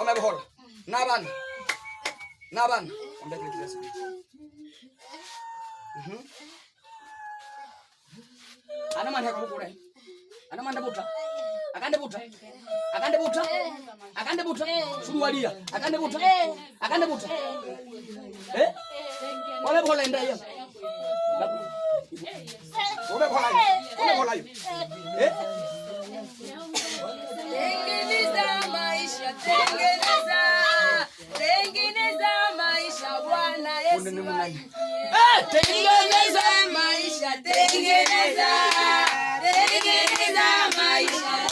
Kom över håll. Nabban. Nabban. Om det blir det. Mhm. Ana manda kakukura. Ana manda buta. Akande buta. Akande buta. Akande buta. Surualia. Akande buta. Akande buta. Eh? Ole bola ndaya. Ole bola. Tengeneza maisha, tengeneza, tengeneza maisha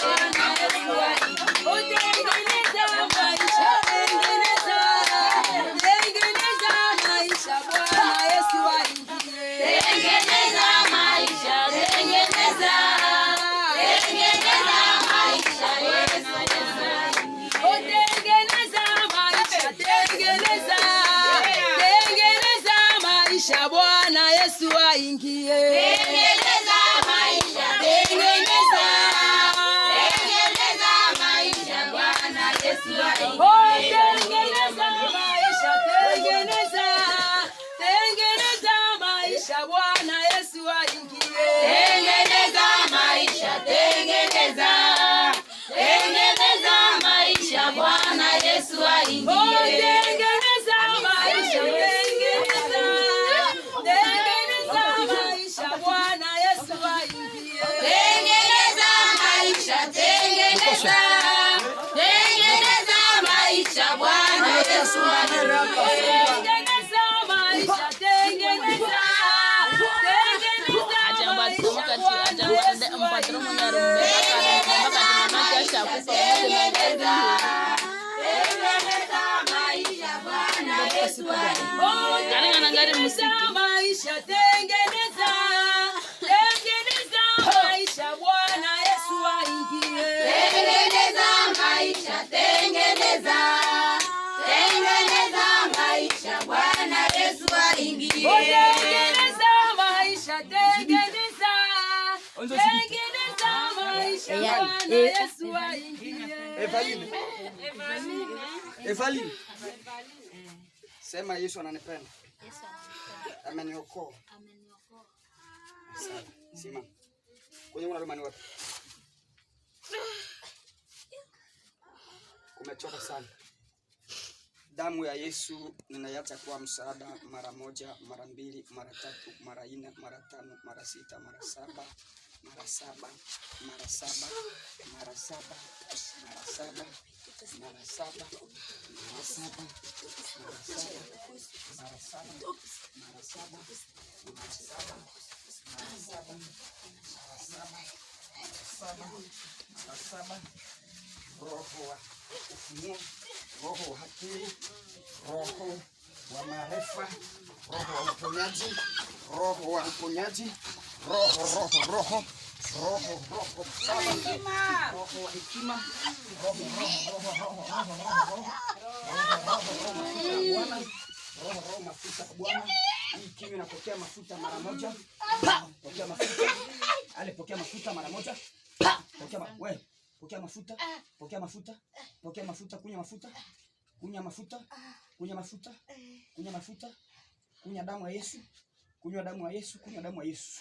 oh, da Rumbé, Caramba, Eh, Evalina, sema Yesu ananipenda, ameniokoa. Simama kwenye unarumani wapi? Umechoka sana. Damu ya Yesu ninaiacha kuwa msaada mara moja, mara mbili, mara tatu, mara nne, mara tano, mara sita, mara saba mara saba mara saba mara saba mara saba mara saba mara saba mara saba mara saba mara saba mara saba mara saba mara saba saba mara saba roho wa ufunuo roho wa akili roho wa maarifa roho wa uponyaji roho wa uponyaji roho roho roho roho roho roho wa hekima roho mafuta kwa Bwana. Hii kinywa inapokea mafuta mara moja. Pokea mafuta. Ale pokea mafuta mara moja. Pokea wewe. Pokea mafuta. Pokea mafuta. Pokea mafuta, kunya mafuta. Kunya mafuta. Kunya mafuta. Kunya mafuta. Kunya damu ya Yesu. Kunywa damu ya Yesu, kunywa damu ya Yesu.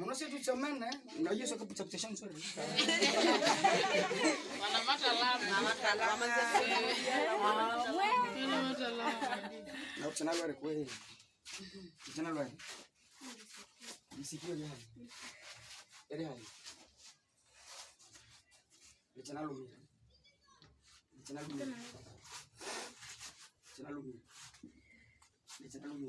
Manusia itu eh. cemen ya, nggak bisa iya, ke pecah pecah sore. Mana masalah, mana masalah, mana masalah. Nggak pernah luar kue, pernah luar. di dia, dia hari. channel lu, pernah lu, pernah lu, channel lu.